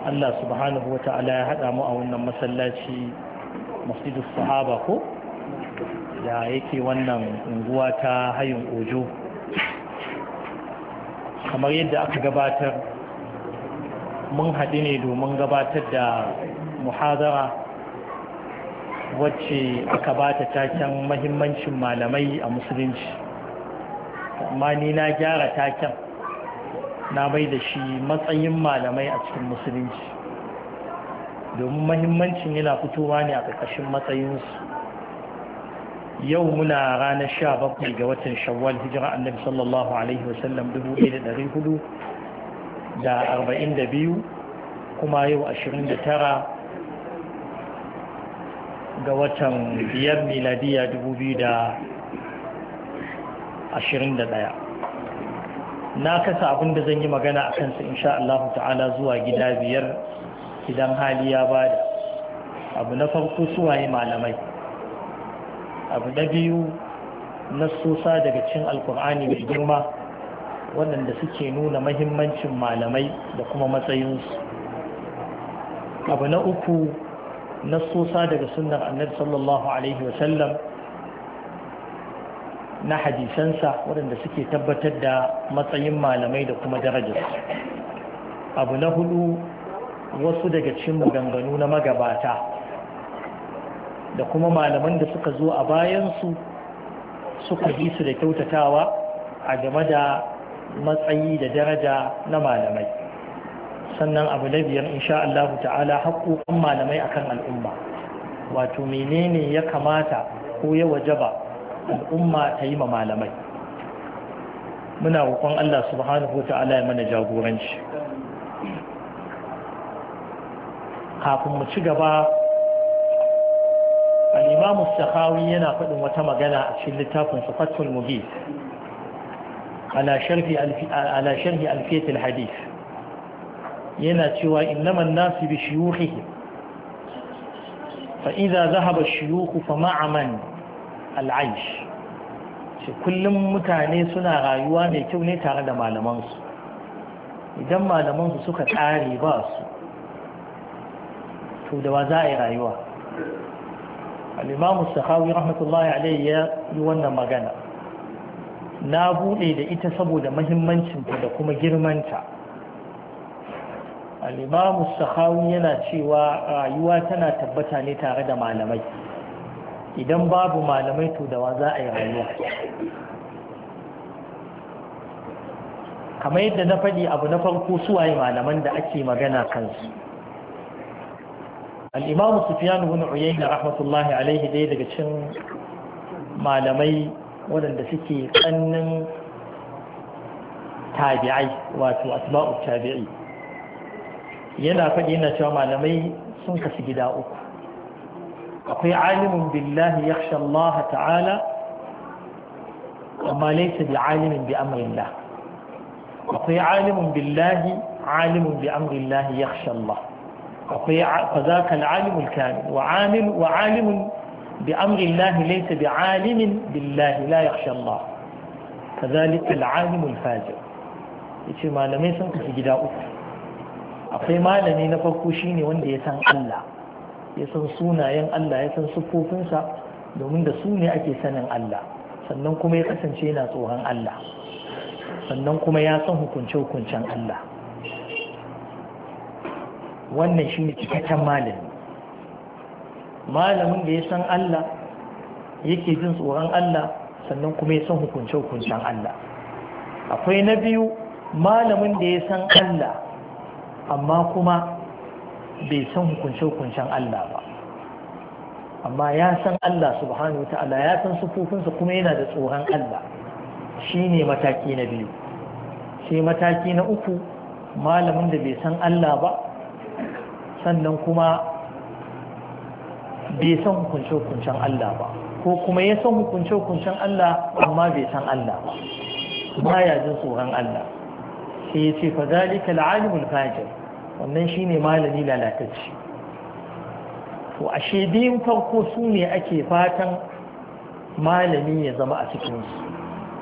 Allah subhanahu wata'ala ya haɗa mu a wannan masallaci masjidus sahaba ko da yake wannan unguwa ta hayin ojo kamar yadda aka gabatar mun haɗu ne domin gabatar da muhazara wacce aka ba ta taken mahimmancin malamai a musulunci amma ni na gyara taken na bai da shi matsayin malamai a cikin musulunci domin mahimmancin yana fitowa ne a ƙarƙashin matsayinsu yau muna ranar sha bakwai ga watan shawwal hijira annabi sallallahu alaihi wasallam biyu kuma yau ashirin da tara ga watan biyar miladiya ɗaya. na kasa abin da zan yi magana a kansa insha Allah ta'ala zuwa gida biyar idan hali ya bada abu na farko suwaye malamai abu na biyu sosa daga cin alkur'ani mai girma waɗanda suke nuna mahimmancin malamai da kuma matsayinsu abu na uku sosa daga sunan annabi sallallahu alaihi wasallam na hadisansa waɗanda suke tabbatar da matsayin malamai da kuma darajarsu abu na hudu wasu daga cikin maganganu na magabata da kuma malaman da suka zo a bayansu suka bi su da kyautatawa a game da matsayi da daraja na malamai sannan abu na biyar insha Allah ta'ala haƙoƙin malamai akan al'umma wato menene ya kamata ko ya wajaba al'umma ta yi ma malamai muna rukun Allah subhanahu wa ta'ala ya mana jagoranci kafin mu ci gaba al-imamu yana faɗin wata magana a cikin littafin sifatul mubin ala sharhi ala sharhi yana cewa innaman nasu bi shuyukhihim Fa'iza idza dhahaba fa ma'a al'aish shi kullum mutane suna rayuwa mai kyau ne tare da malamansu idan malamansu suka tsari ba su to da wa za a yi rayuwa al'imamu sahawi rahmatullahi alaihi ya yi wannan magana na buɗe da ita saboda mahimmancinta da kuma girmanta al'imamu sahawi yana cewa rayuwa tana tabbata ne tare da malamai idan babu malamai to da wa za a yi rayuwa kamar yadda na faɗi abu na farko waye malaman da ake magana kansu al'imamu Sufiyanu wani uyayna rahmatullahi alaihi dai daga cin malamai waɗanda suke ƙannin tabi'ai wato asma'u tabi'i yana faɗi yana cewa malamai sun kasu gida uku akwai alimin billahi yakhsha Allah ta'ala amma laysa bi alimin bi amrillah akwai alimin billahi alimin bi amrillah yakhsha Allah akwai fazaka al-alimul kamil wa amil wa alimun bi amrillah laysa bi alimin billahi la yakhsha Allah kazalika al-alimul fajir yace malamai sun kafi gida uku akwai malami na farko shine wanda ya san Allah ya san sunayen Allah ya san siffofinsa domin da su ne ake sanin Allah sannan kuma ya kasance yana tsoron Allah sannan kuma ya san hukunce-hukuncen Allah wannan shi ne cikakken malami malamin da ya san Allah yake jin tsoron Allah sannan kuma ya san hukunce-hukuncen Allah akwai na biyu malamin da ya san Allah amma kuma bai san hukunce-hukuncen Allah ba amma ya san Allah subhanahu ta'ala ya san sufufinsa kuma yana da tsoron Allah shi ne mataki na biyu sai mataki na uku malamin da bai san Allah ba sannan kuma bai san hukunce-hukuncen Allah ba ko kuma ya san hukunce-hukuncen Allah amma bai san Allah ba ba ya jin tsoron Allah sai ya ce fa zalika al-alimul fajir wannan shi ne malami lalatacci to a shedin farko su ne ake fatan malami ya zama a cikinsu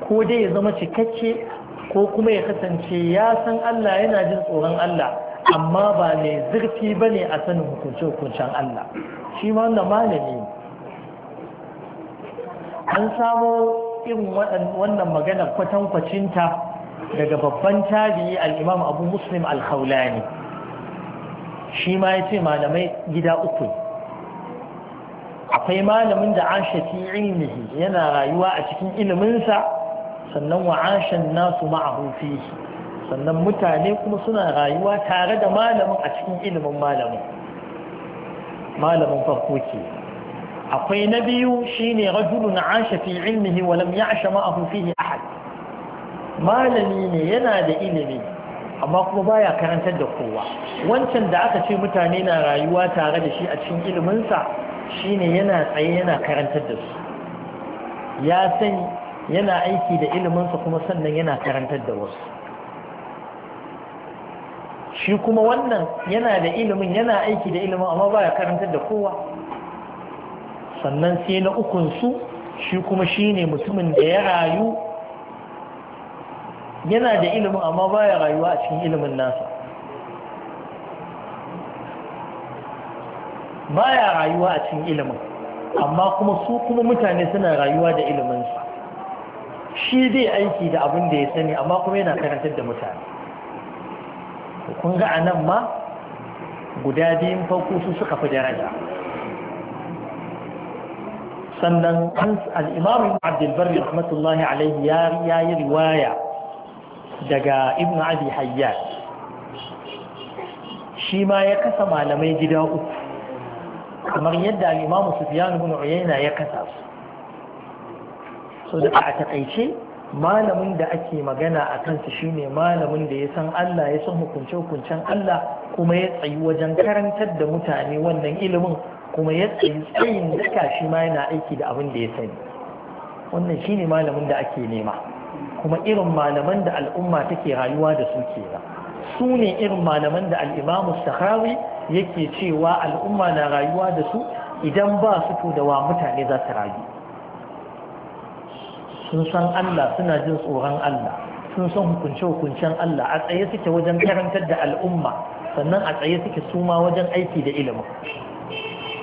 ko dai ya zama cikakke ko kuma ya kasance ya san Allah yana jin tsoron Allah amma ba mai zurfi ba ne a sanin hukunce-hukuncen Allah shi ma wanda malami an samo irin wannan maganar kwatankwacinta daga babban tabi'i al-imam abu muslim al ne. shi ma ya ce malamai gida uku akwai malamin da an shafi ilmihi yana rayuwa a cikin iliminsa sannan wa shan nasu ma'ahu fihi sannan mutane kuma suna rayuwa tare da malamin a cikin ilimin malamin malamin farko ke akwai na biyu shi shine rajulun ashe fi ilmihi wa lam ya'sha ma'ahu a ahad malami ne yana da ilimi amma kuma baya karantar da kowa wancan da aka ce mutane na rayuwa tare da shi a cikin iliminsa shine yana tsaye yana karantar da su ya san yana aiki da iliminsa kuma sannan yana karantar da wasu shi kuma wannan yana da ilimin yana aiki da ilimin amma baya karantar da kowa sannan sai na ukunsu shi kuma shine mutumin da ya rayu yana da ilimin amma baya rayuwa a cikin ilimin nasa baya rayuwa a cikin ilimin amma kuma su kuma mutane suna rayuwa da iliminsu shi zai aiki da abin da ya sani amma kuma yana karantar da mutane kun ga a nan ma guda biyun farko su suka fi daraja sannan al'imamin abdulbari rahmatullahi alaihi ya yi riwaya daga ibn abi Hayyar shi ma ya kasa malamai gida uku kamar yadda imam sufyan ibn uyayna ya kasa su so da a takaice malamin da ake magana a kansa ne malamin da ya san Allah ya san hukunce-hukuncen Allah kuma ya tsayi wajen karantar da mutane wannan ilimin kuma ya tsayi tsayin daka shi ma yana aiki da abin da ya sani wannan shi ne malamin da ake nema kuma irin malaman da al'umma take rayuwa da su ke su ne irin malaman da al'imamu sahawi yake cewa al'umma na rayuwa da su idan ba su to wa mutane za su rayu sun san Allah suna jin tsoron Allah sun san hukunce-hukuncen Allah a tsaye suke wajen karantar da al'umma sannan a tsaye suke suma wajen aiki da ilimin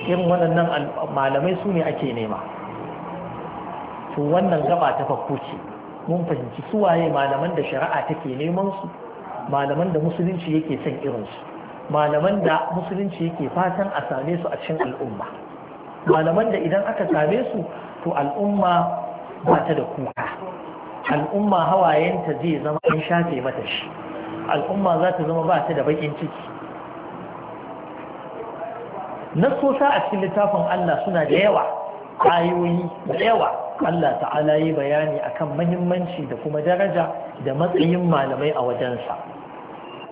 irin waɗannan malamai su ne ake nema to wannan gaba ta farko ce mun fahimci suwaye malaman da shari'a take neman su malaman da musulunci yake son irinsu malaman da musulunci yake fatan a same su a cikin al'umma malaman da idan aka same su to al'umma ba ta da kuka al'umma hawayenta zai zama in shafe mata shi al'umma za ta zama ba ta da bakin ciki nasosa a cikin littafin Allah suna da yawa ayoyi da yawa Allah ta'ala yi bayani akan mahimmanci da kuma daraja da matsayin malamai a wajensa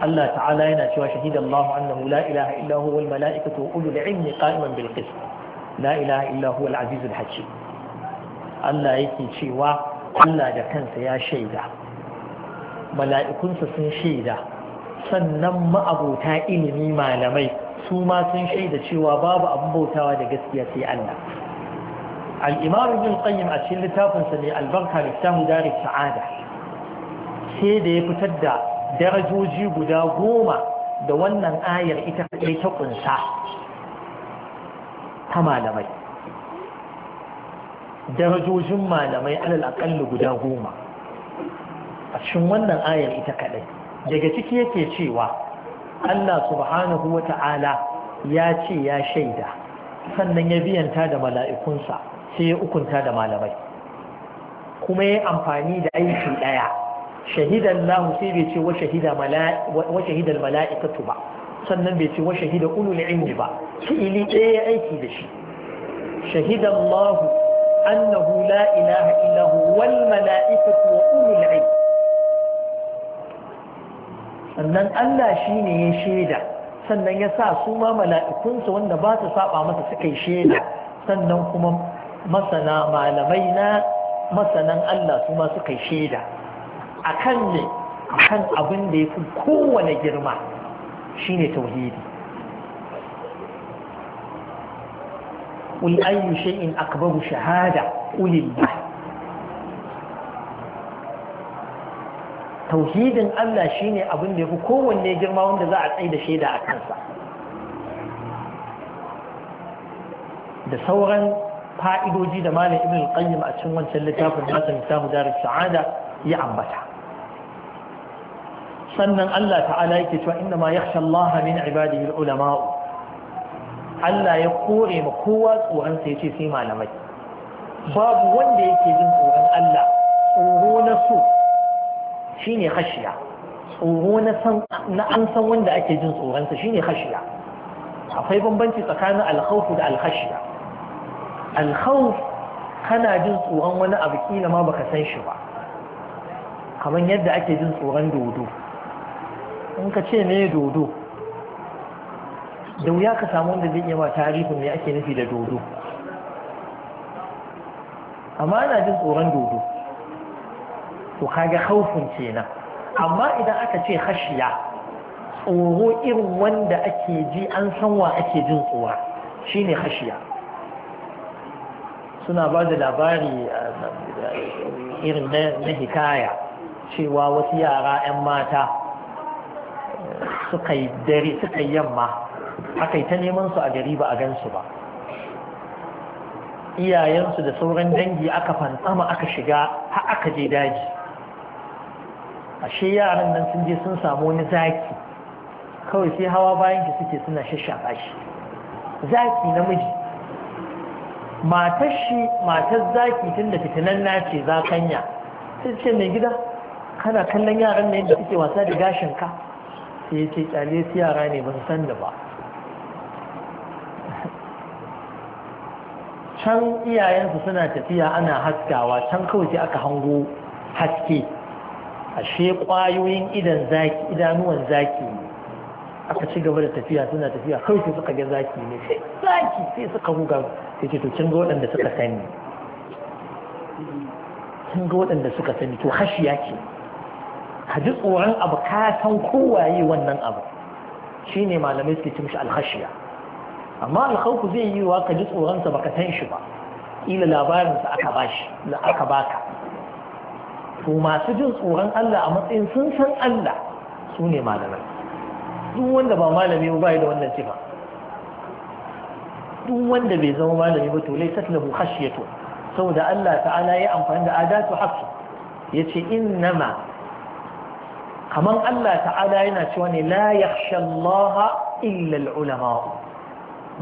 Allah ta'ala yana cewa shahidallahu annahu la ilaha illa huwa wal mala'ikatu wa ulul ilmi qa'iman bil qist la ilaha illa huwa al azizul hakim Allah yake cewa Allah da kansa ya shaida mala'ikunsa sun shaida sannan ma'abota ilimi malamai su ma sun shaida cewa babu abin bautawa da gaskiya sai Allah al'imar bin tsayin a cikin littafinsa ne albarka littafin darik sa'ada sai da ya fitar da darajoji guda goma da wannan ayar ita kaɗai ta ƙunsa ta malamai darajojin malamai alal aƙalli guda goma a cikin wannan ayar ita kaɗai daga ciki yake cewa Allah subhanahu wa ta'ala ya ce ya shaida sannan ya biyanta da mala'ikunsa sai ya ukunta da malamai kuma ya amfani da aiki ɗaya shahidan lahu sai bai ce wa shahidar mala'ikatu ba sannan bai ce wa shahidar ulul ilmi ba fi'ili ɗaya ya aiki da shi shahidan lahu annahu la ilaha illahu wal mala'ikatu wa ulul ilmi sannan Allah shi ne ya shaida sannan ya sa su ma mala'ikunsa wanda ba su saba masa suka yi shaida sannan kuma masana malamai na masanan Allah su ma suka shaida kan ne kan abin da ya fi kowane girma shine tauhidi قل أي شيء أكبر شهادة tauhidin Allah shine abin da fi kowanne girma wanda za a tsaye da shaida a kansa da sauran fa'idoji da malam ibn al a cikin wancan littafin nasa mitahu darus sa'ada ya ambata sannan Allah ta'ala yake cewa inda ma yakhsha Allah min ibadihi al Allah ya kore ma kowa tsoron sa yace sai malamai babu wanda yake jin tsoron Allah tsoro na so shine khashiya tsoro na an san wanda ake jin tsoron sa shine hashiya akwai bambanci tsakanin al da alhashiya alkhawf kana jin tsoron wani abu kila ma baka san shi ba kamar yadda ake jin tsoron dodo in ka ce ne dodo da wuya ka samu wanda zai iya ba tarihi ne ake nufi da dodo amma ana jin tsoron dodo to kaga haufin kenan amma idan aka ce hashiya tsoro irin wanda ake ji an san wa ake jin tsora shine hashiya suna ba da labari irin na hikaya cewa wasu yara 'yan mata suka yi dare suka yi yamma aka yi ta neman su a gari ba a gansu ba iyayensu da sauran dangi aka fantsama aka shiga har aka je daji ashe yaran nan sun je sun samu wani zaki kawai sai hawa bayan ki suke suna shashafa shi zaki namiji matar shi matar zaki tun da fitinan nace zakanya sai ce mai gida kana kallon yaran ne da suke wasa da gashin ka sai ya ce kyale su yara ne ba su san da ba can iyayensu suna tafiya ana haskawa can kawai sai aka hango haske ashe kwayoyin idanuwan zaki ne aka ci gaba da tafiya suna tafiya kawai sai suka ga zaki ne sai zaki sai suka huga sai ce to kin ga waɗanda suka sani kin ga waɗanda suka sani to hashiya ce ka ji tsoron abu ka san kowaye wannan abu shine malamai suke cin shi alhashiya amma alkhawfu zai yi wa ka ji tsoronsa sa baka san shi ba ila labarin sa aka bashi da aka baka to masu jin tsoron Allah a matsayin sun san Allah su ne malamai duk wanda ba malami ba ya da wannan sifa duk wanda bai zama malami ba to laysat lahu khashyatu saboda Allah ta'ala ya amfani da adatu haqqi yace innama kaman Allah ta'ala yana cewa ne la yakhsha Allah illa al-ulama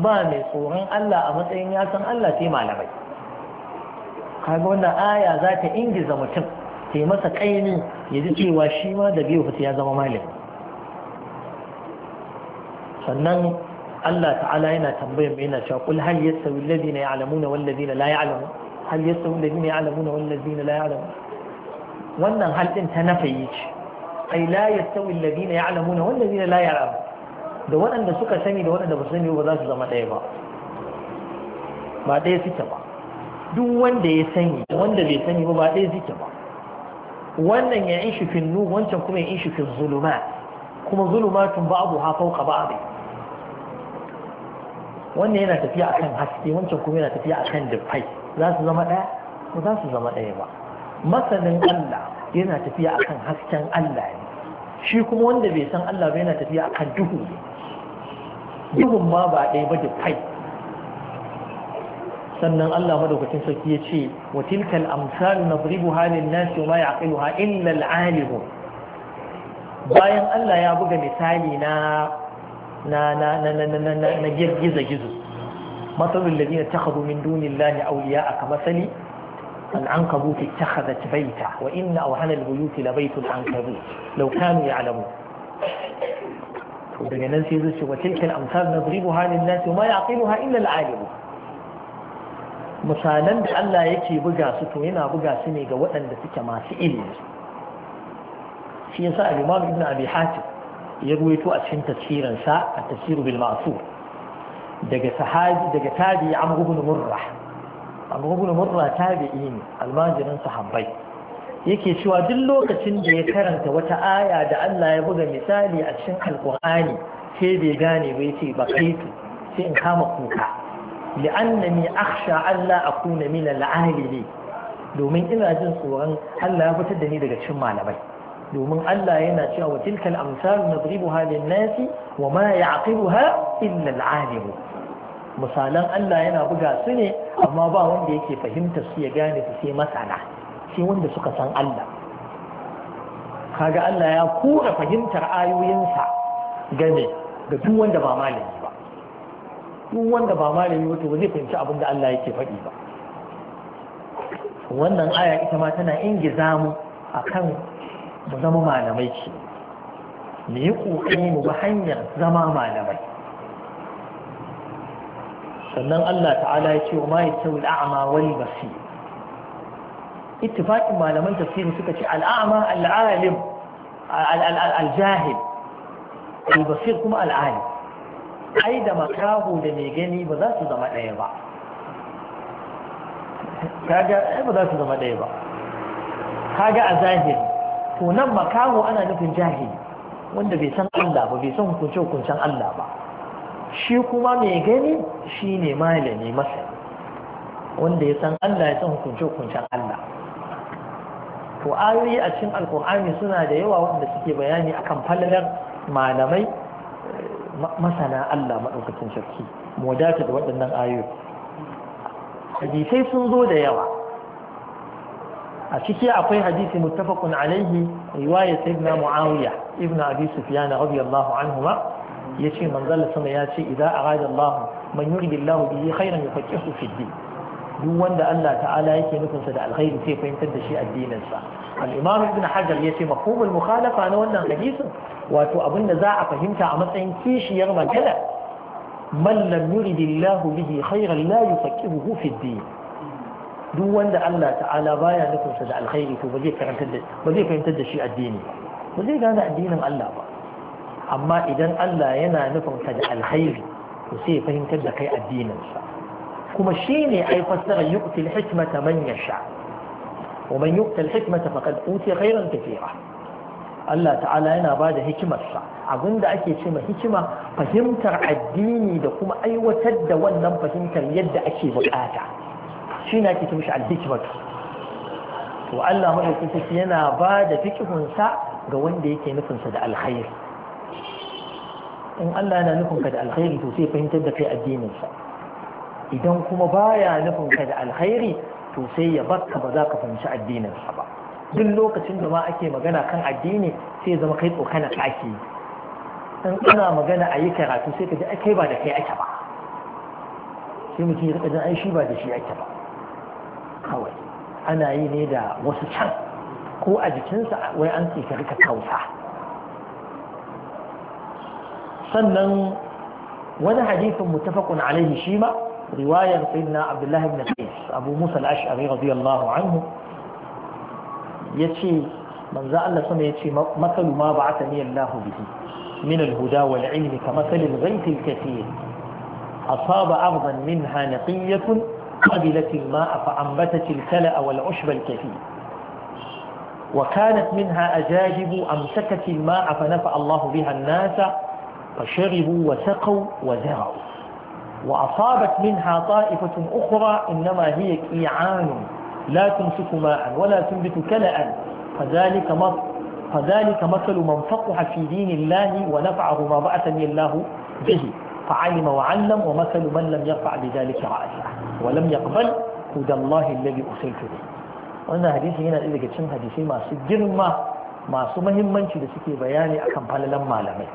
ba mai tsoron Allah a matsayin ya san Allah sai malamai kaga wannan aya za ta ingiza mutum sai masa kaini ya ji cewa shi ma da biyu ya zama malami sannan Allah ta'ala yana tambayar mai yana cewa kul hal yastawi alladhina ya'lamuna wal ladina la ya'lamun hal yastawi alladhina ya'lamuna wal ladina la ya'lamun wannan hal din ta nafayi ce ai la yastawi alladhina ya'lamuna wal ladina la ya'lamun da waɗanda suka sani da waɗanda ba su sani ba za su zama ɗaya ba ba ɗaya suke ba duk wanda ya sani wanda bai sani ba ba ɗaya suke ba wannan ya ishi fin nu wancan kuma ya ishi fin zuluma kuma tun ba abu ha fauka ba abin wannan yana tafiya akan haske wancan kuma yana tafiya akan dafai za su zama ɗaya ba za su zama ɗaya ba masanin Allah yana tafiya akan hasken Allah ne shi kuma wanda bai san Allah ba yana tafiya akan duhu duhun ma ba ɗaya ba dafai. sannan Allah madaukakin sarki ya ce wa tilkal amsal nadribu halin nasi ma yaqiluha illa al bayan Allah ya buga misali na na na na na na na na girgiza gizo matsalul ladina takhadu min dunillahi awliya aka masali العنكبوت اتخذت بيتا وإن أوهن البيوت لبيت العنكبوت لو كانوا يعلمون daga nan sai zuci wa tilkal amsal nadribuha lin nas ma yaqiluha illa al alim misalan da Allah yake buga su to yana buga su ne ga waɗanda suke masu ilimi shi yasa al-Imam Ibn Abi Hatim ya ruwaito a cikin tafsirinsa a tafsiru bil ma'sur daga sahabi daga tabi amr ibn murra amr ibn murra tabi'i ne almajirin sahabbai yake cewa duk lokacin da ya karanta wata aya da Allah ya buga misali a cikin alqur'ani sai bai gane bai ce bakaitu sai in kama kuka li'annani akhsha Allah akuna min al domin ina jin tsoron Allah ya fitar da ni daga cikin malamai domin Allah yana cewa wa tilkal amsal nadribuha lin nasi wa ma ya'qiluha illa al-alim misalan Allah yana buga su ne amma ba wanda yake fahimtar su ya gane su sai masana sai wanda suka san Allah kaga Allah ya kura fahimtar ayoyinsa game ga duk wanda ba malami ba duk wanda ba malami wato ba zai fahimci abin da Allah yake faɗi ba wannan aya ita ma tana ingiza mu akan mu zama malamai ce mu yi ƙoƙari mu ba hanyar zama malamai sannan Allah ta'ala ya ce wa ma yattawi al'ama wal basir ittifaqin malaman tafsiri suka ce al'ama al'alim al-jahil al-basir kuma al'alim ai da makaho da mai gani ba za su zama ɗaya ba kaga ba za su zama ɗaya ba kaga a zahiri to nan makaho ana nufin jahili wanda bai san Allah ba bai san hukunce hukuncen Allah ba shi kuma mai gani shi ne malami masa wanda ya san Allah ya san hukunce hukuncen Allah to ayoyi a cikin alkur'ani suna da yawa wanda suke bayani akan falalar malamai masana Allah maɗaukacin sarki modata da waɗannan ayoyi hadisai sun zo da yawa a ciki akwai hadisi muttafaqun alaihi riwayat sayyidina muawiya ibn abi sufyan radiyallahu anhuma yace manzal sama yace idza arada allah man yuridu allah bihi khairan yufaqihu fi din duk wanda Allah ta'ala yake nufinsa da alkhairi sai fahimtar da shi sa al-imam ibn hajar yace mafhumul mukhalafa na wannan hadisin wato abinda za a fahimta a matsayin kishiyar magana man lam yuridillahu bihi khairan la yufaqihu fi din duk wanda Allah ta'ala baya nufin sa da alkhairi to ba zai karantar da ba zai fahimtar da shi addini ba zai gane addinin Allah ba amma idan Allah yana nufin ka da alkhairi to sai fahimtar da kai addinin sa kuma shine ai fassara yuqtil hikmata man yasha wa man yuqtil hikmata faqad utiya khairan katira Allah ta'ala yana ba da hikimarsa abinda ake ce ma hikima fahimtar addini da kuma aiwatar da wannan fahimtar yadda ake bukata shi na ake tumshi alhikimatu to Allah madaukakin sarki yana ba da fikihunsa ga wanda yake nufinsa da alkhairi in Allah yana nufin ka da alkhairi to sai fahimtar da kai addininsa idan kuma baya nufin ka da alkhairi to sai ya baka ba za ka fahimci addininsa ba duk lokacin da ma ake magana kan addini sai zama kai tsokana ake yi in ana magana a yi karatu sai ka ji kai ba da kai ake ba sai mutum ya rika jin ai shi ba da shi ake ba kawai ana yi ne da wasu can ko a jikinsa wai an ce ka rika kausa sannan wani hadisin mutafakun alaihi shi ma riwayar sayyidina abdullahi ibn qais abu musa al-ash'ari radiyallahu anhu yace manzo Allah sama ce masalu ma ba'athani Allahu bihi min al-huda wal ilmi kamathali al-ghayth al-kathir asaba ardan minha naqiyatun قبلت الماء فأنبتت الكلأ والعشب الكثير وكانت منها أجاجب أمسكت الماء فنفع الله بها الناس فشربوا وسقوا وزرعوا وأصابت منها طائفة أخرى إنما هي كيعان لا تمسك ماء ولا تنبت كلأ فذلك مصر فذلك مثل من فقه في دين الله ونفعه ما بعثني الله به فعلم وعلم ومثل من لم يرفع بذلك رأسه ولم يقبل هدى الله الذي أرسلت به wannan hadisi yana ɗaya daga cikin hadisai masu girma masu mahimmanci da suke bayani akan falalan malamai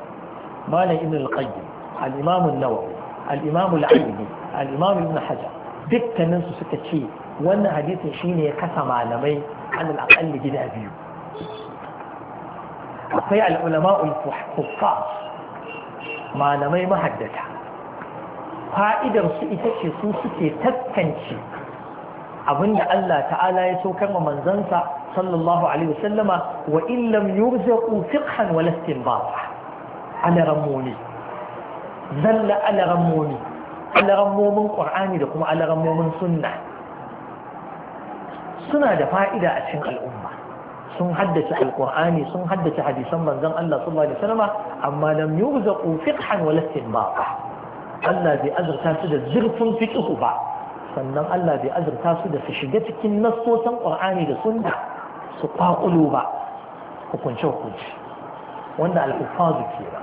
malam ibn al-qayyim al-imam an-nawawi al-imam al-aini al-imam ibn hajar dukkanin su suka ce wannan hadisin shine ya kasa malamai alal aqalli gida biyu akwai al-ulama al-fuqaha malamai mahaddata fa'idar su ita ce su suke taskance abinda Allah ta'ala ya saukar wa manzansa sallallahu alaihi wasallama wa illam yurzaqu fiqhan wa istinbata ala ramuni zalla ala ramuni ala ramumin da kuma ala sunna suna da fa'ida a cikin al'umma sun haddace alqur'ani sun haddace hadisan manzan Allah sallallahu alaihi wasallama amma lam yurzaqu fiqhan wa istinbata Allah bai azurta su da zurfin fiƙihu ba sannan Allah bai azurta su da su shiga cikin nasosan ƙur'ani da sunna su kwakulo ba hukunce hukunci wanda alfazu ke ba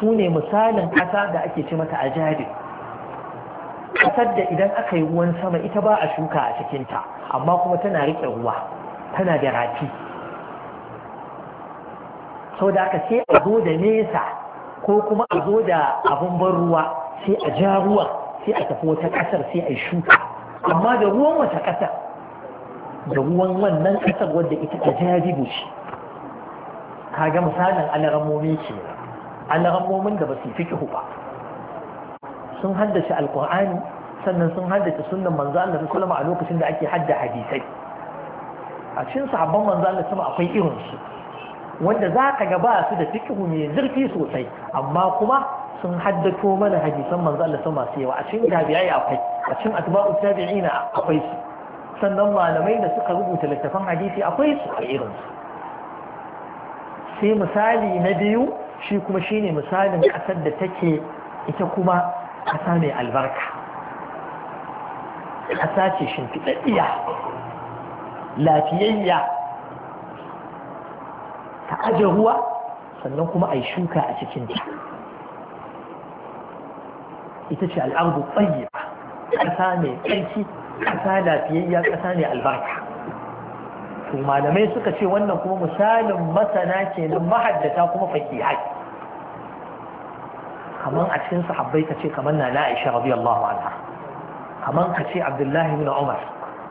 su ne misalin ƙasa da ake ce mata a ajadi ƙasar da idan aka yi ruwan sama ita ba a shuka a cikinta amma kuma tana riƙe ruwa tana da rafi sau da aka ce a zo da nesa ko kuma a zo da abin ban ruwa sai a ja ruwa sai a tafi wata ƙasar sai a yi shuka amma da ruwan wata ƙasa da ruwan wannan ƙasar wadda ita ta jajibu ka kaga misalin alaramomi ce alaramomin da ba su fiƙihu ba sun haddace alƙur'ani sannan sun haddace sunan manzo Allah ta sallama a lokacin da ake hadda hadisai a cikin sahabban manzo Allah sama akwai irin su wanda za ka ga ba su da fikihu mai zurfi sosai amma kuma sun haddato mana hadisan manzo Allah sama su yawa a cikin tabi'ai akwai a cikin atba'u tabi'ina akwai su sannan malamai da suka rubuta littafan hadisi akwai su a irin su sai misali na biyu shi kuma shine misalin kasar da take ita kuma kasa mai albarka kasa ce shimfiɗaɗɗiya lafiyayya ta aje ruwa sannan kuma a yi shuka a cikinta ita ce al'ardu tsayyiba ƙasa mai tsarki ƙasa lafiyayya ƙasa mai albarka to malamai suka ce wannan kuma misalin masana kenan mahaddata kuma fakihai kaman a cikin sahabbai ka ce kaman na Aisha radiyallahu anha kaman ka ce Abdullahi ibn Umar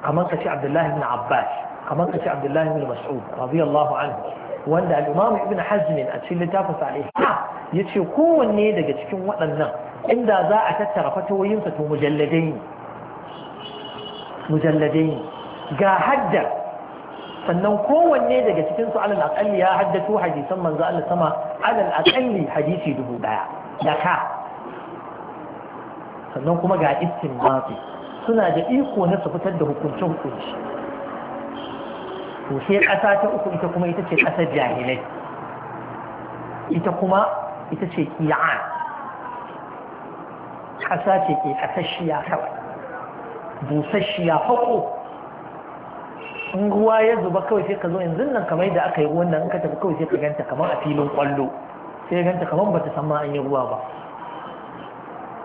kaman ka ce Abdullahi ibn Abbas kaman ka ce Abdullahi ibn Mas'ud radiyallahu anhu wanda al-Imam Ibn Hazmin a cikin littafin sa ya ce kowanne daga cikin waɗannan inda za a tattara fatoyinsa to mujalladai ne ne ga haddar sannan kowanne daga cikinsu su alal aqalli ya haddato hadisan manzo Allah sama alal aqalli hadisi dubu daya da ka sannan kuma ga istinbati suna da iko na su fitar da hukuncin hukunci to sai ƙasa ta uku ita kuma ita ce ƙasar jahilai ita kuma ita ce kiyan ƙasa ce ke ƙasashiya kawai busasshiya haƙo in ruwa ya zuba kawai sai ka zo yanzu nan kamar da aka yi ruwan nan in ka tafi kawai sai ka ganta kamar a filin kwallo sai ganta kamar ba ta san ma an yi ruwa ba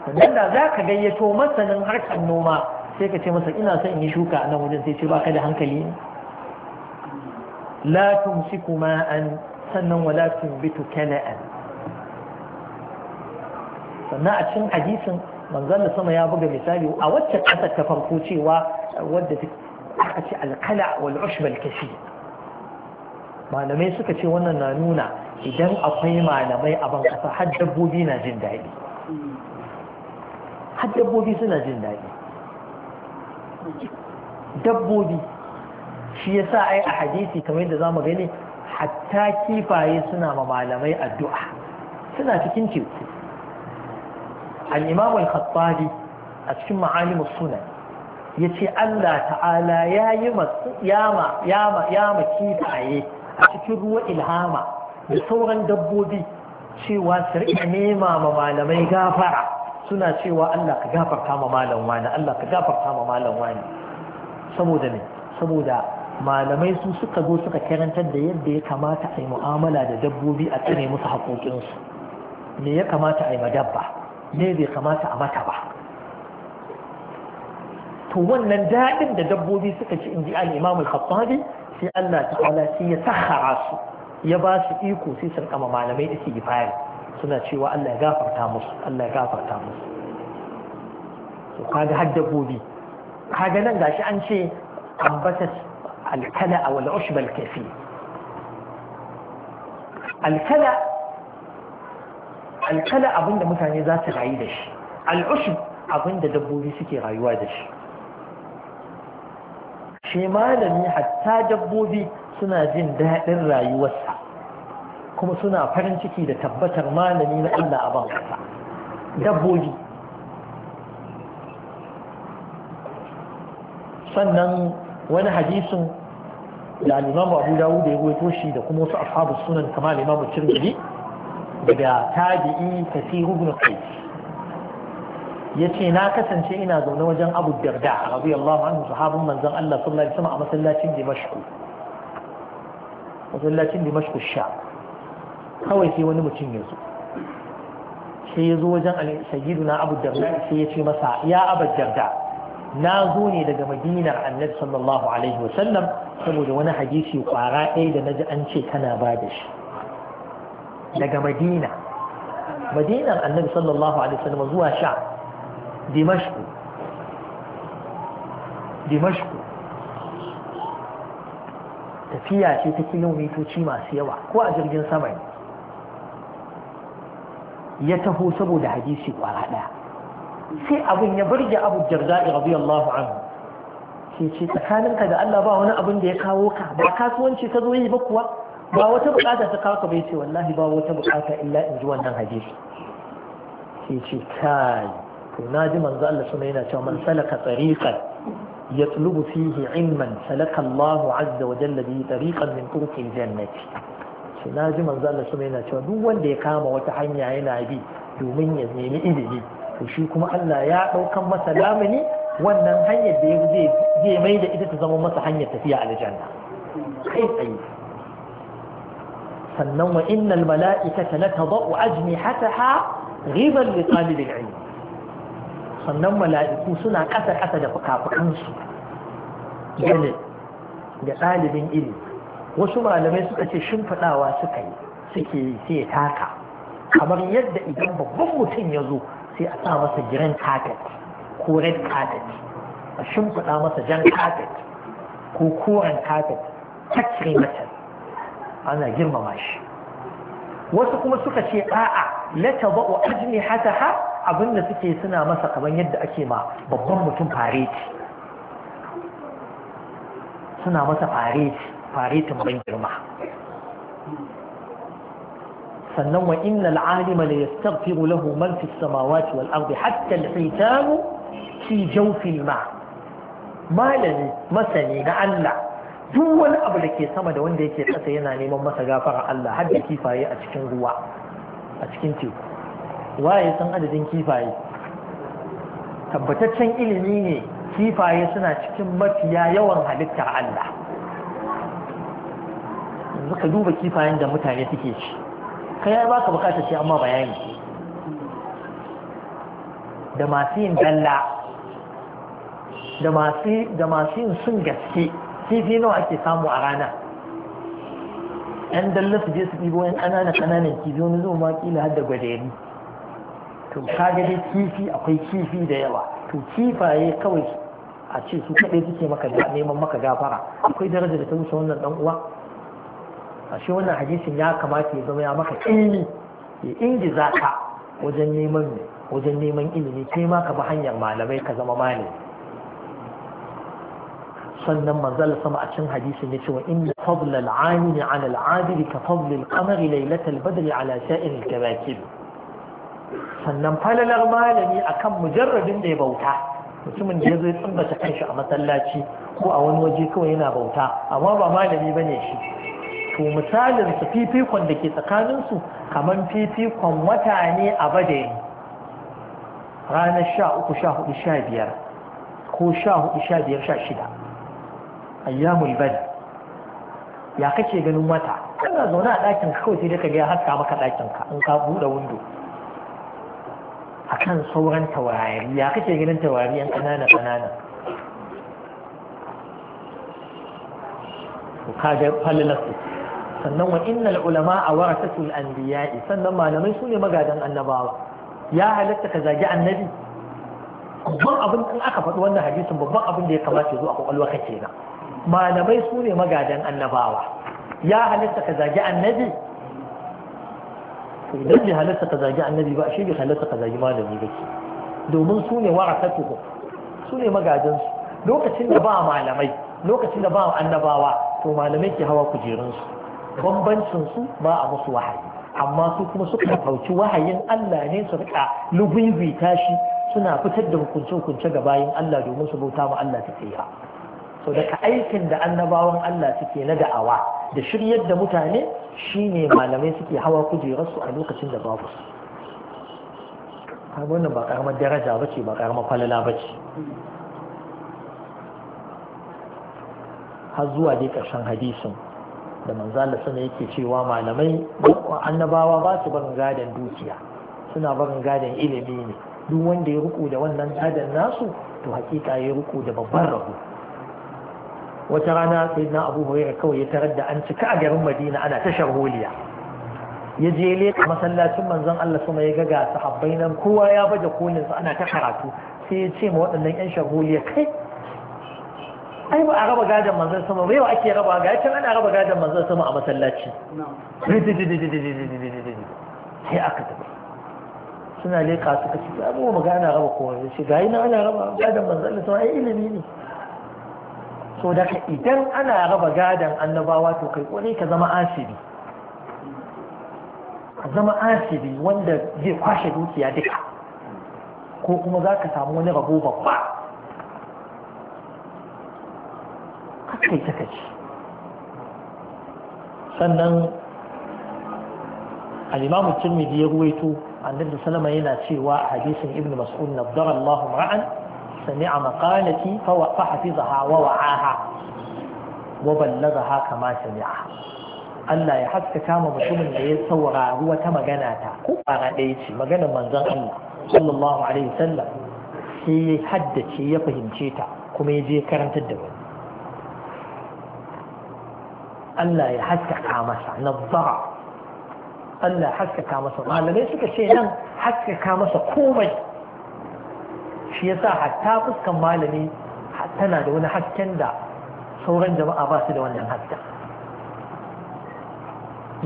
sannan da za ka gayyato masanin harkar noma sai ka ce masa ina son in yi shuka a nan wajen sai ce ba ka da hankali ne la tumsiku an sannan wala tumbitu kana'an sannan a cikin hadisin manzon sama ya buga misali a wacce kasar ta farko cewa wadda aka ce alkala wal ushbal kashi malamai suka ce wannan na nuna idan akwai malamai a ban kasa har dabbobi na jin daɗi har dabbobi suna jin daɗi dabbobi shi yasa ai a hadisi kamar yadda zamu gani hatta kifaye suna ma malamai addu'a suna cikin teku al-imam al-khattabi a cikin suna Ya ce Allah ta'ala ya yama yama yama kifaye a cikin ruwa ilhama da sauran dabbobi cewa su nema ma malamai gafara suna cewa Allah ka gafarta ma malam wani Allah ka gafarta ma malam wani saboda ne saboda malamai su suka zo suka karantar da yadda ya kamata a yi mu'amala da dabbobi a tsare musu haƙoƙinsu me ya kamata a yi ma dabba ne bai kamata a mata ba to wannan daɗin da dabbobi suka ci in ji al'imamu al-khattabi sai Allah ta'ala sai ya sahara su ya ba su iko sai sun kama malamai da su bayar, suna cewa Allah ya gafarta musu Allah ya gafarta musu to kaga har dabbobi kaga nan gashi an ce ambatat al-kala wal ushb al-kafi al alkala abinda mutane za su rayu da shi al'ushub abinda dabbobi suke rayuwa da shi shi malami hatta dabbobi suna jin daɗin rayuwarsa kuma suna farin ciki da tabbatar malami na Allah a bankasa dabbobi sannan wani hadisin da al'imamu abu dawo da ya goyi shi da kuma wasu ashabu sunan kama al'imamu cirgiri Daga tabi'i kasiru ibn qais ya ce na kasance ina zaune wajen abu darda rabi anhu ma'anu sahabin manzan Allah sallallahu alaihi wasallam a masallacin dimashku masallacin dimashku sha kawai sai wani mutum ya zo sai ya zo wajen sayyidu na abu darda sai ya ce masa ya abu darda na zo ne daga madinar annabi sallallahu alaihi wasallam saboda wani hadisi kwara ɗaya da na ji an ce kana ba da shi daga madina madinar annabi sallallahu alaihi wasallam zuwa sha dimashku dimashku tafiya ce ta kilomitoci masu yawa ko a jirgin sama ne ya taho saboda hadisi kwara daya sai abin ya burge abu jarda'i radiyallahu anhu sai ce tsakaninka da Allah ba wani abin da ya kawo ka ba kasuwanci ka zo yi ba kuwa ba wata bukata ta kawo bai ce wallahi ba wata bukata illa in ji wannan hadisi sai ce kai to na ji manzo Allah suna yana cewa man salaka tariqan yatlubu fihi ilman salaka Allah azza wa jalla bi tariqan min turuqil jannati sai na ji manzo Allah suna yana cewa duk wanda ya kama wata hanya yana bi domin ya nemi ilimi to shi kuma Allah ya daukan masa lamuni wannan hanyar da zai mai da ita ta zama masa hanyar tafiya aljanna kai tsaye sannan wa innal mala'ikata latadau ajnihataha riban li talibil ilm sannan mala'iku suna kasa kasa da fukafukansu gane da ɗalibin ilimi wasu malamai suka ce shimfiɗawa suka yi suke yi sai taka kamar yadda idan babban mutum ya zo sai a sa masa giran kafet ko red carpet a shimfiɗa masa jan kafet ko koren carpet ta mata ana girmama shi wasu kuma suka ce a'a la tabau hataha abinda suke suna masa kaman yadda ake ma babban mutum fareti suna masa fareti faretin ban girma sannan wa inna al'alima la yastaghfiru lahu man fi samawati wal ardi hatta al-hitamu fi jawfi al-ma malami masani na Allah duk wani abu da ke sama da wanda yake ƙasa yana neman masa gafara Allah har da kifaye a cikin ruwa a cikin teku waye san adadin kifaye tabbataccen ilimi ne kifaye suna cikin mafiya yawan halittar Allah yanzu ka duba kifayen da mutane suke ci kai ya baka bukata ce amma bayani da masu yin dalla da masu yin sun gaske kifi nawa ake samu a rana yan dalla su je su ɗibo yan ƙananan ƙananan kifi wani zuwa ma kila har da gwadari to kaga dai kifi akwai kifi da yawa to kifaye kawai a ce su kaɗai suke maka neman maka gafara akwai daraja da ta wuce wannan ɗan uwa a shi wannan hadisin ya kamata ya zama ya maka ilimi ya ingiza ka wajen neman wajen neman ilimi kai ma ka bi hanyar malamai ka zama malami sannan manzal sama a cin hadisin ya ce wa inna fadl al-amil 'ala al-'abid ka fadl al-qamar laylat 'ala sha'ir al sannan falalar malami akan mujarradin da ya bauta mutumin da ya zo ya tsumbata kanshi a masallaci ko a wani waje kawai yana bauta amma ba malami bane shi to misalin su fifikon da ke tsakanin su kamar fifikon wata ne a badayi ranar sha uku sha hudu sha biyar ko sha hudu sha biyar sha shida ayyamul bad ya kace ganin wata kana zaune a ɗakin kawai sai ka ga haska maka ɗakin ka in ka buɗe windo akan sauran tawari. ya kace ganin tawari yan ƙanana kanana ka ga falalarsu sannan wa innal ulama a warasatul anbiya'i sannan malamai su ne magadan annabawa ya halatta ka zagi annabi babban abin in aka faɗi wannan hadisin babban abin da ya kamata ya zo a kwakwalwa kake na. malamai su ne magadan annabawa ya halitta ka zagi annabi idan bai halitta ka zagi annabi ba shi bai halitta ka zagi malami ba ke domin su ne warasatuhu su ne magadansu lokacin da ba malamai lokacin da ba annabawa to malamai ke hawa kujerunsu su ba a musu wahayi amma su kuma suka kauci wahayin Allah ne su rika lugubita tashi suna fitar da hukunce-hukunce ga bayan Allah domin su bauta ma Allah ta tsaya so daga aikin da annabawan Allah suke na da'awa da shiryar da mutane shi ne malamai suke hawa kujerarsu a lokacin da babu su wannan ba karamar daraja ba ce ba karamar falala ba ce har zuwa dai ƙarshen hadisin da manzala sana yake cewa malamai annabawa ba su barin gadon dukiya suna barin gadon ilimi ne duk wanda ya ruku da wannan gadon nasu to hakika ya ruku da babban rahoto wata rana sai na abu huraira kawai ya tarar da an cika a garin madina ana ta sharholiya ya je leka masallacin manzon Allah sama ya ga ga sahabbai nan kowa ya baje kolin su ana ta karatu sai ya ce ma waɗannan yan sharholiya kai ai ba a raba gadon manzon sama ba yau ake raba ga yacin ana raba gadon manzon sama a masallaci sai aka tafi suna leka suka ce abubuwa magana raba kowa sai ga yi nan ana raba gadon manzon sama ai ilimi ne so da idan ana raba gadon annabawa to kai kone ka zama asibi, ka zama asiri wanda zai kwashe dukiya duka ko kuma za ka samu wani rabo babba kakai ta kaci sannan Alimamu imamu tirmidhi ya ruwaito annabi Salama yana cewa a hadisin Ibn mas'ud nabdara Allahu ma'an سمع مقالتي فحفظها ووعاها وبلغها كما سمعها Allah ya haska kama mutumin da ya saurari wata magana ta ko bara ɗaya ce maganar manzon Allah sallallahu alaihi sallam sai ya haddace ya fahimce ta kuma ya je karantar da wani Allah ya haska haskaka masa nazara Allah ya haskaka masa malamai suka ce nan haska kama sa komai shi sa hatta fuskan malami tana da wani hasken da sauran jama'a ba su da wannan hasken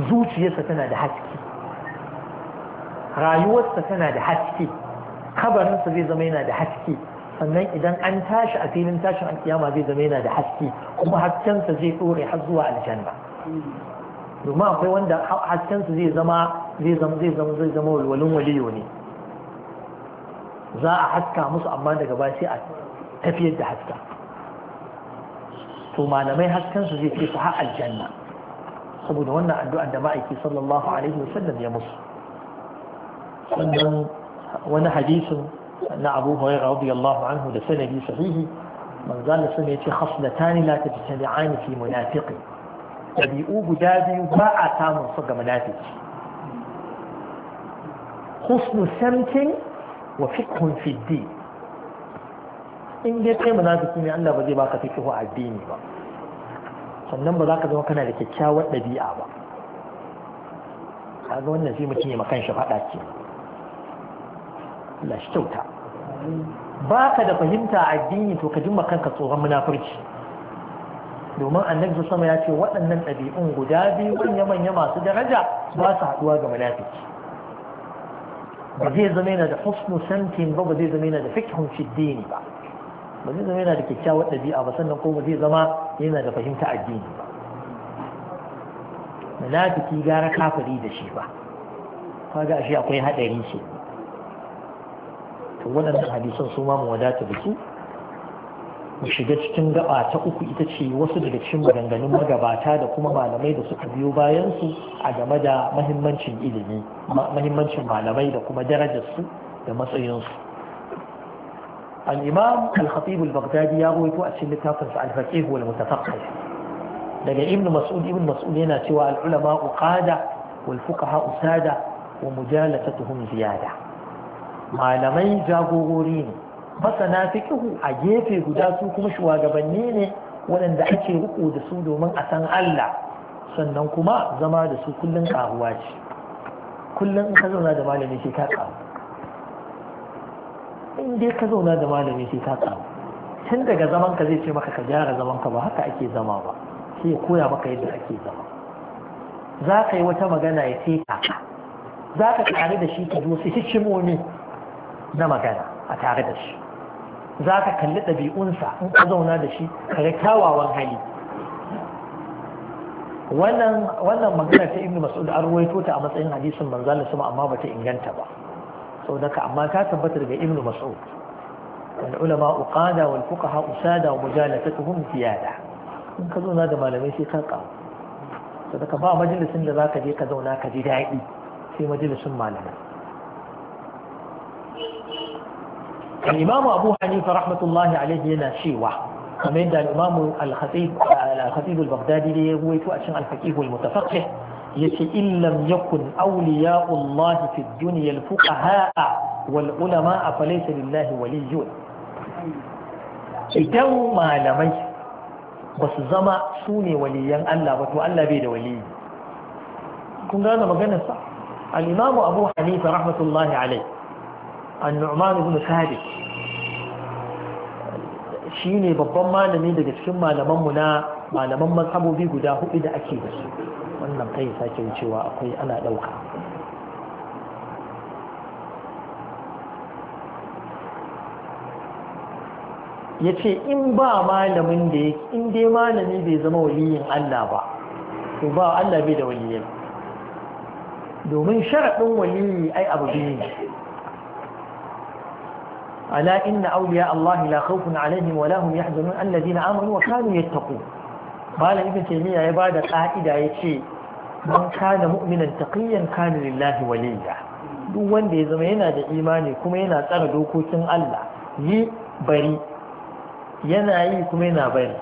zuciyarsa tana da haske rayuwarsa tana da haske kabarinsa zai zama yana da haske sannan idan an tashi a filin tashin alkiyama zai zama yana da haske kuma haskensa zai ɗore har zuwa aljanna domin akwai wanda haskensa zai zama zai zama zai zama zai zama walwalin waliyo ne za a haska musu amma daga ba sai a tafiyar da haska to malamai haskansu zai ce su har aljanna saboda wannan addu'a da ma'aiki sallallahu alaihi sallam ya musu sannan wani hadisin na abu hurairah radiyallahu anhu da sanadi sahihi manzo Allah sun yace khaslatani la tajtami'ani fi munafiqin ɗabi'u guda biyu ba a samun su ga munafiki husnu samtin wa fiqhun fi din in dai kai munafiki ne Allah ba zai baka a addini ba sannan ba za ka zama kana da kyakkyawar ɗabi'a ba kaga wannan sai mutum ya makan shi faɗa ke Allah shi kyauta baka da fahimta addini to ka ji kanka tsoron munafurci domin annabi sama ya ce waɗannan ɗabi'un guda biyu manya-manya masu daraja ba su haɗuwa ga munafiki ba zai zama yana da husnu santin ba ba zai zama yana da fikhun fiddini ba ba zai zama yana da kyakkyawar ɗabi'a ba sannan ko ba zai zama yana da fahimta addini ba munafiki gara kafiri da shi ba kaga ashe akwai haɗari shi. to waɗannan hadisan su ma mu wadata da su mu shiga cikin gaba ta uku ita ce wasu daga cikin maganganun magabata da kuma malamai da suka biyo bayansu a game da mahimmancin ilimi mahimmancin malamai da kuma darajarsu da matsayinsu al-imam al-khatib al-baghdadi ya rawaito a cikin littafin sa al-faqih wal mutafaqqih daga ibn mas'ud ibn mas'ud yana cewa al-ulama qada wal fuqaha usada wa mujalatatuhum ziyada malamai jagorori ne masana fiqhu a gefe guda su kuma shugabanni ne waɗanda ake riko da su domin a san Allah sannan kuma zama da su kullun karuwa ce kullun in ka zauna da malami sai ka karu in dai ka zauna da malami sai ka karu tun daga zaman ka zai ce maka ka gyara zaman ka ba haka ake zama ba sai ya koya maka yadda ake zama za ka yi wata magana ya sai ka za ka tare da shi ka zo su hikimomi na magana a tare da shi za ka kalli ɗabi'unsa in ka zauna da shi kare kyawawan hali wannan magana ta ibnu mas'ud an ruwaito ta a matsayin hadisin da sama amma bata inganta ba sau daga amma ta tabbata daga ibnu mas'ud wal ulama uqada wal fuqaha usada wa mujalatatuhum ziyada in ka zauna da malamai sai ka kawo sau daga ba majalisin da ka je ka zauna ka ji daɗi sai majalisin malamai الإمام أبو حنيفة رحمة الله عليه ينا شيوة كما يدى الإمام الخطيب الخطيب البغدادي هو يتوأشن الفقيه المتفقه يتي إن لم يكن أولياء الله في الدنيا الفقهاء والعلماء فليس لله ولي إذا ما لمي بس زما سوني وليا ألا بتو ألا بيد ولي كنت أنا مغنى الإمام أبو حنيفة رحمة الله عليه annu'man ibn shi shine babban malami daga cikin malaman mu na malaman mazhabobi guda hudu da ake da su wannan kai sake cewa akwai ana dauka yace in ba malamin da yake in dai malami bai zama waliyin Allah ba to ba Allah bai da waliyin domin sharaɗin waliyi ai abu biyu ne ألا إن أولياء الله لا خوف عليهم ولا هم يحزنون الذين آمنوا وكانوا يتقون قال ابن تيمية عبادة قائدة يشي من كان مؤمنا تقيا كان لله وليا duk wanda ya zama yana da imani kuma yana tsara dokokin Allah yi bari yana yi kuma yana bari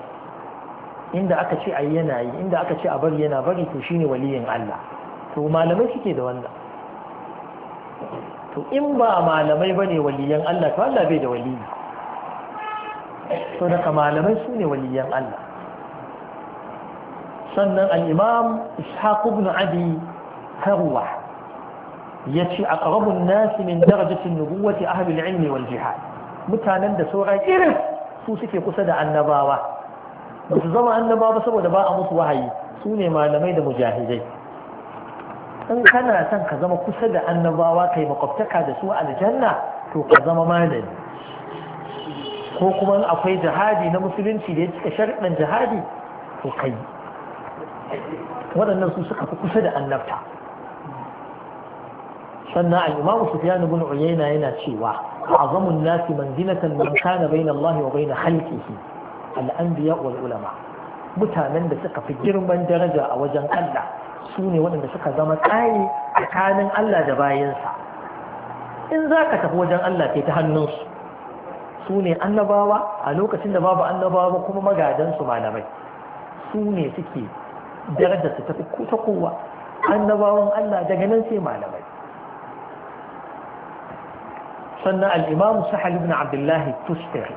inda aka ce a yana yi inda aka ce a bari yana bari to shine waliyin Allah to malamai suke da wannan to in ba malamai bane waliyan Allah to Allah bai da waliyi to daga malamai su ne waliyan Allah sannan al-imam ishaq ibn abi harwa yace a nas min darajati an-nubuwati ahli al-ilm wal mutanen da sauran irin su suke kusa da annabawa ba su zama annabawa saboda ba a musu wahayi su ne malamai da mujahidai in kana son ka zama kusa da annabawa kai makwabtaka da su aljanna to ka zama malami ko kuma akwai jihadi na musulunci da ya cika sharɗin jihadi to kai waɗannan su suka fi kusa da annabta sannan al'imamu sufyan ibn uyayna yana cewa azamun nasi manzilatan man kana baina Allah wa baina khalqihi al wal ulama mutanen da suka fi girman daraja a wajen Allah su ne waɗanda suka zama tsaye tsakanin Allah da bayansa in za ka tafi wajen Allah kai ta hannunsu su ne annabawa a lokacin da babu annabawa kuma magadansu malamai su ne suke darajar su tafi ta kowa annabawan Allah daga nan sai malamai sannan al'imam sahal ibn abdullahi tustari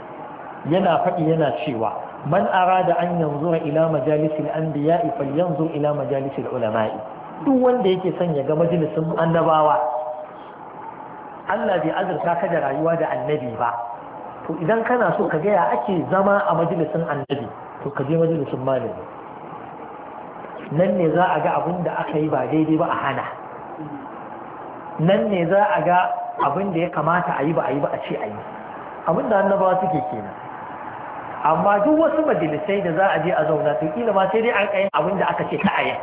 yana faɗi yana cewa man arada an yanzu ila majalisil anbiya'i yanzu ila majalisil ulama'i duk wanda yake son ya ga majalisin annabawa Allah bai azurta ka da rayuwa da annabi ba to idan kana so ka ga ya ake zama a majalisin annabi to ka je majalisin malami nan ne za a ga abin da aka yi ba daidai ba a hana nan ne za a ga abin da ya kamata a yi ba a yi ba a ce a yi abin da annabawa suke kenan amma duk wasu majalisai da za a je a zauna to kila ma sai dai an kayan abin da aka ce ta aya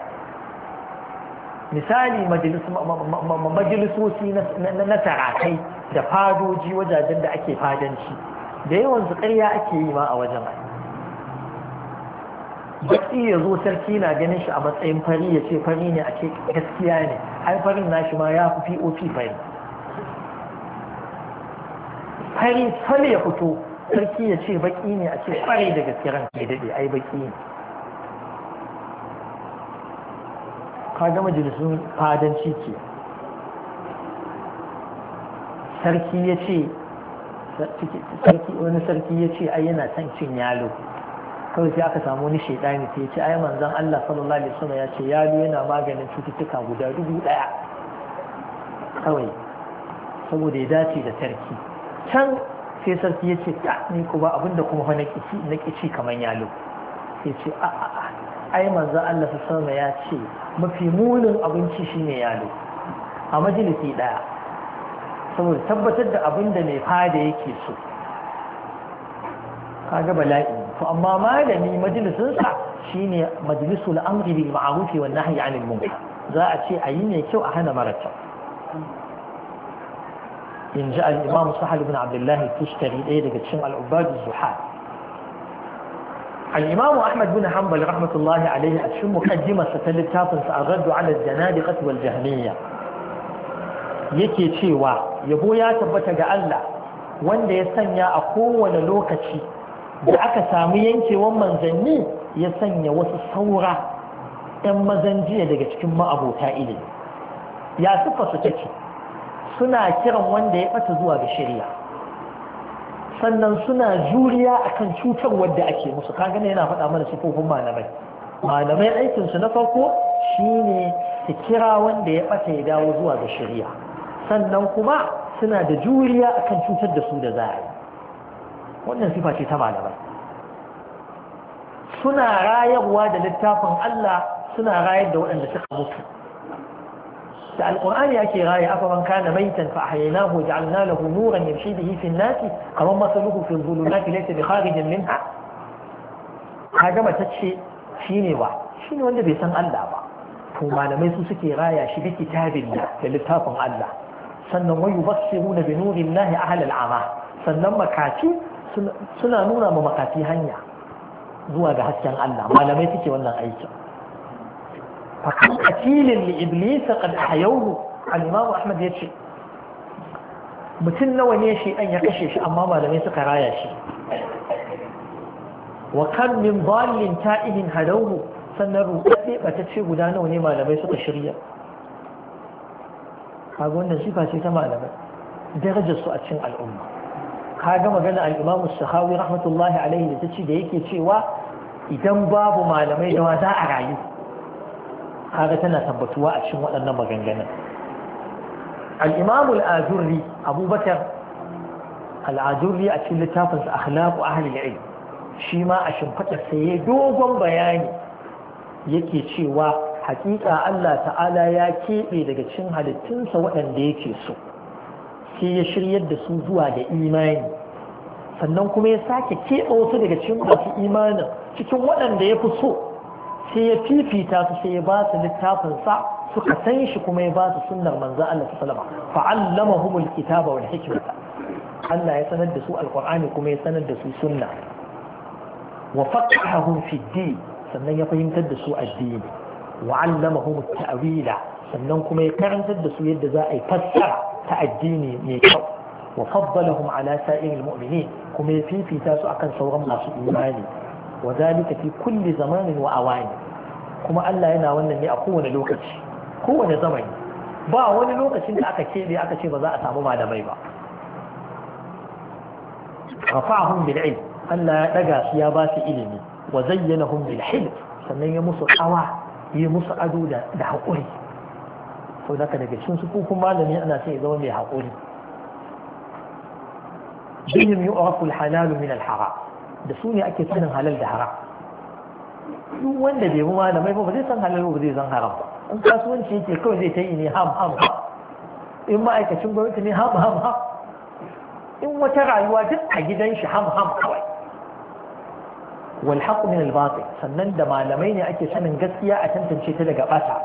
misali majalisoci na tarakai da fadoji wajajen da ake fadanci da yawan su ƙarya ake yi ma a wajen baki ya zo sarki na ganin shi a matsayin fari ya ce fari ne a ce gaskiya ne ai farin nashi ma ya fi pop fari fari fari ya fito sarki ya ce baki ne a ce kwarai da gaske ran daɗe ai baki ne ka gama jirgin fadanci ke sarki ya ce wani sarki ya ce ai yana son cin yalo kawai sai aka samu wani shaidani sai ya ce ai manzon Allah sallallahu alaihi wasallam ya ce yalo yana maganin cututtuka guda dubu ɗaya kawai saboda ya dace da sarki can sai sarki ya ce ya ni ku ba abinda kuma fa na kici kamar yalo sai ce a a a ai manzo Allah su sama ya ce mafi munin abinci shine yalo a majalisi daya saboda tabbatar da abinda mai fada yake so kaga bala'i to amma malami sa shine majlisul amri bil ma'ruf wan nahyi 'anil munkar za a ce ayi ne kyau a hana mara kyau in ji al'imam sahal ibn abdullahi tushtari ɗaya daga cikin al'ubadu zuhad al'imam ahmad bin hanbal rahmatullahi alaihi a cikin mukaddimarsa ta littafinsa a raddu ala janadiqat wal jahmiyya yake cewa yabo ya tabbata ga Allah wanda ya sanya a kowane lokaci da aka samu yankewan manzanni ya sanya wasu saura 'yan mazan jiya daga cikin ma'abota ilimi ya siffa su take suna kiran wanda ya bata zuwa ga shari'a sannan suna juriya akan cutar wadda ake musu ka gane yana faɗa mana sifofin malamai malamai aikinsu na farko shine su kira wanda ya bata ya dawo zuwa ga shari'a sannan kuma suna da juriya akan cutar da su da za wannan sifa ce ta malamai suna rayarwa da littafin Allah suna rayar da waɗanda suka musu. da alkur'ani ake raya afaman kana maitan fa ahyaynahu wa ja'alna lahu nuran yamshi bihi fi an-nas kaman masaluhu fi dhulumati laysa bi kharijin minha kaga mata ce shine ba shine wanda bai san Allah ba to malamai su suke raya shi bi kitabin da littafin Allah sannan wa yubassiruna bi nahi ahla al-ama sannan makaci suna nuna ma makafi hanya zuwa ga hasken Allah malamai suke wannan aikin fakan katilin li iblisa qad ahayawhu al-imam ahmad mutum nawa ne shi an ya kashe shi amma malamai suka raya shi wa kan min dallin ta'ihin hadawhu sannan rubutse bata ce guda nawa malamai suka shirya kaga wannan sifa ce ta malamai darajar su a cikin al'umma kaga magana al-imam sahawi rahmatullahi alaihi da tace da yake cewa idan babu malamai da wa za a rayu kaga tana tabbatuwa a cikin waɗannan maganganun al-imam al-azurri abubakar al a cikin littafinsa akhlaqu ahli al-ilm shi ma a shimfaɗa sai dogon bayani yake cewa hakika Allah ta'ala ya keɓe daga cin halittunsa waɗanda yake so sai ya shiryar da su zuwa da imani sannan kuma ya sake keɓe wasu daga cin masu imanin cikin waɗanda ya fi so sai ya fifita su sai ya ba su littafin sa suka san shi kuma ya ba su sunnar manzo Allah sallallahu alaihi wasallam fa'allamahumul kitaba wal hikmata Allah ya sanar da su alqur'ani kuma ya sanar da su sunna wa faqahahum fi din sannan ya fahimtar da su addini wa 'allamahum tawila sannan kuma ya karantar da su yadda za a yi fassara ta addini mai kyau wa faddalahum ala sa'iril mu'minin kuma ya fifita su akan sauran masu imani wa zalika fi kulli zamanin wa awani kuma Allah yana wannan ne a kowane lokaci kowane zamani ba wani lokacin da aka keɓe aka ce ba za a samu malamai ba rafa'ahum bil ilm Allah ya daga su ya ba su ilimi wa zayyanahum bil hilm sannan ya musu tsawa ya musu ado da hakuri. sau da daga cikin sufufin malami ana sai zama mai hakuri bihim yu'rafu al-halal min al-haram da su ne ake sanin halal da haram duk wanda bai bi malamai ba ba zai san halal ba zai san haram ba in kasuwanci yake kawai zai ta yi ne ham ham in ma'aikacin gwamnati ne ham ham ham in wata rayuwa duk a gidan shi ham ham kawai wal haqq min al sannan da malamai ne ake sanin gaskiya a tantance ta daga bata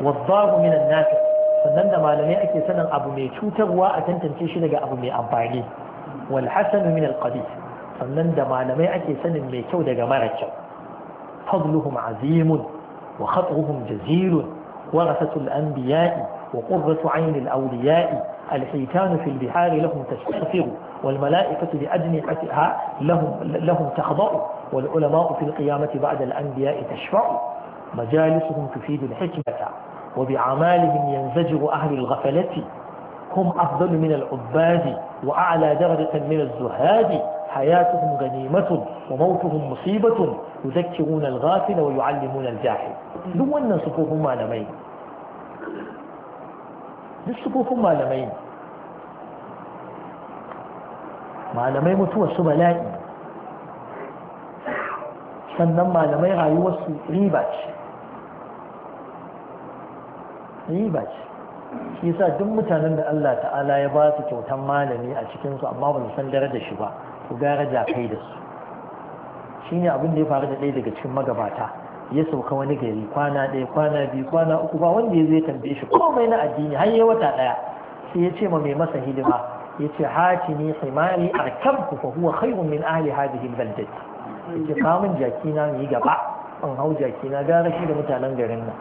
wal dharu min an sannan da malamai ake sanin abu mai cutarwa a tantance shi daga abu mai amfani wal hasanu min al sannan da malamai ake sanin mai kyau daga mara kyau fadluhum azimun wa khatuhum jazirun warasatul anbiya'i wa qurratu aynil الحيتان في البحار لهم تستغفر والملائكة بأجنحتها لهم, لهم تخضع والعلماء في القيامة بعد الأنبياء تشفع مجالسهم تفيد الحكمة وبعمالهم ينزجر أهل الغفلة هم أفضل من العباد وأعلى درجة من الزهاد حياتهم غنيمة وموتهم مصيبة يذكرون الغافل ويعلمون الجاهل دو wannan sufofin malamai duk sufofin malamai malamai mutuwar su bala'i sannan malamai rayuwar su riba ce riba ce shi sa duk mutanen da Allah ta'ala ya ba su kyautan malami a cikinsu amma ba san dare da shi ba ku daraja kai da su Shi ne abin da ya faru da ɗaya daga cikin magabata ya sauka wani gari kwana ɗaya kwana biyu kwana uku ba wanda ya zai tambaye shi komai na addini har ya wata ɗaya sai ya ce ma mai masa hidima ya ce ne yi himari arkabku fa huwa khairun min ahli hadhihi Ya ce kamun jaki na yi gaba an hau jaki gara shi da mutanen garin nan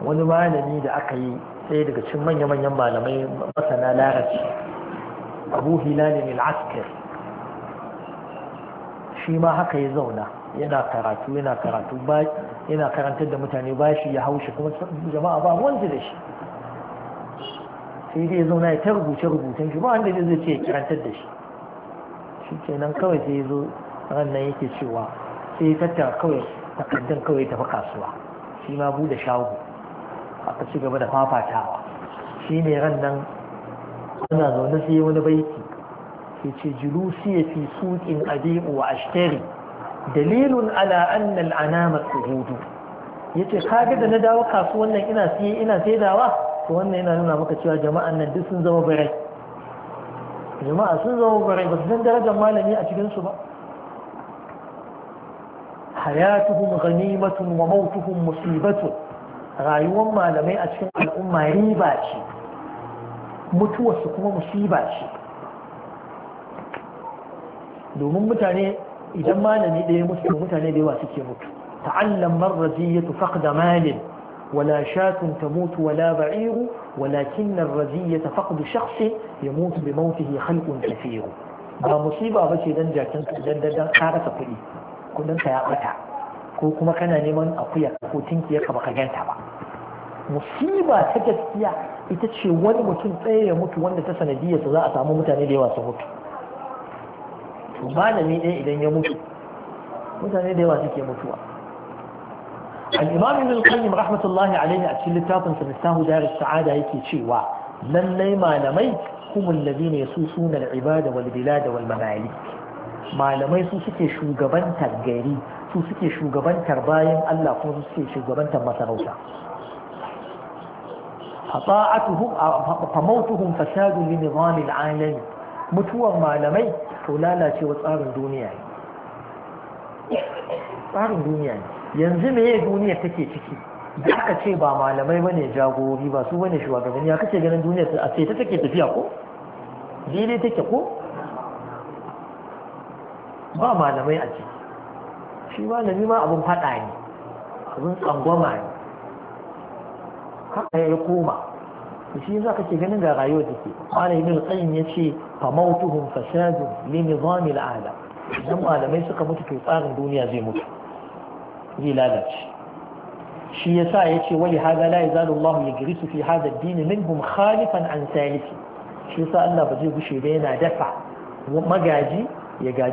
wani malami da aka yi ɗaya daga cikin manya-manyan malamai masana larabci abu hilalin al'askar shi ma haka ya zauna yana karatu yana karatu yana karantar da mutane ba shi ya haushi kuma jama'a ba wanda da shi sai dai ya zauna ya ta rubuce rubutun shi ba wanda zai ce ya karantar da shi shi kenan kawai sai ya zo ranar yake cewa sai ya tattara kawai takardun kawai tafi kasuwa shi ma bude shago aka ci gaba da fafatawa shi ne ran nan ana zaune sai wani baiti ke ce julusi ya fi suƙin abi'u wa ashtari dalilun ala annal anama tsuhudu ya ce kaga da na dawo kasuwan nan ina siye ina saidawa to wannan yana nuna maka cewa jama'an nan duk sun zama barai jama'a sun zama barai ba su san darajar malami a cikinsu ba hayatuhum ghanimatun wa mawtuhum musibatun rayuwar malamai a cikin al'umma riba ce mutuwarsu kuma musiba ce domin mutane idan malami ɗaya mutu mutane da yawa suke mutu ta'allam marraziyatu faqda malin ولا شاة تموت ta بعير ولكن ya mutu شخص يموت بموته خلق كثير ba musiba ba ce dan jakin dan dan dan karasa kuɗi kudin ka ya bata ko kuma kana neman akuya ko tinki ya ka baka ganta ba musiba ta gaskiya ita ce wani mutum tsaye ya mutu wanda ta sanadiyarsa za a samu mutane da yawa su mutu to malami ɗaya idan ya mutu mutane da yawa suke mutuwa al-imam ibn al-qayyim rahmatullahi alayhi a cikin littafin sa mistahu dar as-sa'ada yake cewa lallai malamai humul ladina yasusuna al-ibada wal bilad wal mamalik malamai su suke shugabantar gari su suke shugabantar bayan Allah kuma su suke shugabantar masarauta فطاعتهم فموتهم فساد لنظام العالم mutuwar malamai to lalacewa tsarin duniya ne tsarin duniya ne yanzu me ya duniya take ciki da aka ce ba malamai bane jagorori ba su bane shugabanni ya kace ganin duniya a ce ta take tafiya ko daidai take ko ba malamai a ciki shi malami ma abin faɗa ne abin tsangwama ne haka ya koma shi yasa kake ganin ga rayuwa take qala ibn al-qayyim yace fa mautuhum fasadun li nizam al idan malamai suka mutu to tsarin duniya zai mutu zai lalace shi yasa yace wali hada la yazalu Allah yajrisu fi hada ad-din minhum khalifan an salifi shi yasa Allah ba zai gushe ba yana dafa magaji ya gaji